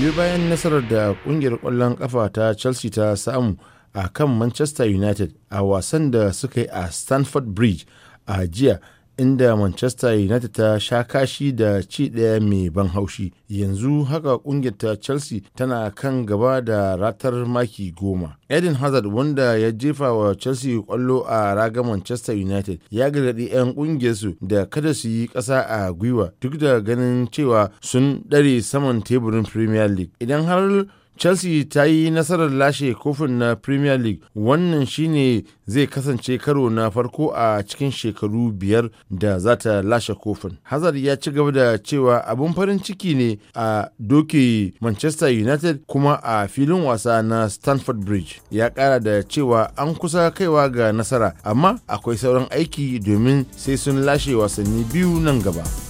biyu bayan nasarar da kungiyar kwallon kafa ta chelsea ta samu a kan manchester united a wasan da suka yi a stanford bridge a jiya inda manchester united ta sha kashi da ci ɗaya mai ban haushi yanzu haka ƙungiyar ta chelsea tana kan gaba da ratar maki goma eden hazard wanda ya jefa wa chelsea kwallo a raga manchester united ya gargaɗi 'yan ƙungiyarsu da kada su yi ƙasa a gwiwa duk da ganin cewa sun ɗare saman teburin premier league idan har chelsea ta yi nasarar lashe kofin na premier league wannan shine zai kasance karo na farko a cikin shekaru biyar da za ta lashe kofin hazard ya ci gaba da cewa abin farin ciki ne a doke manchester united kuma a filin wasa na Stamford bridge ya kara da cewa an kusa kaiwa ga nasara amma akwai sauran aiki domin sai sun lashe wasanni biyu nan gaba.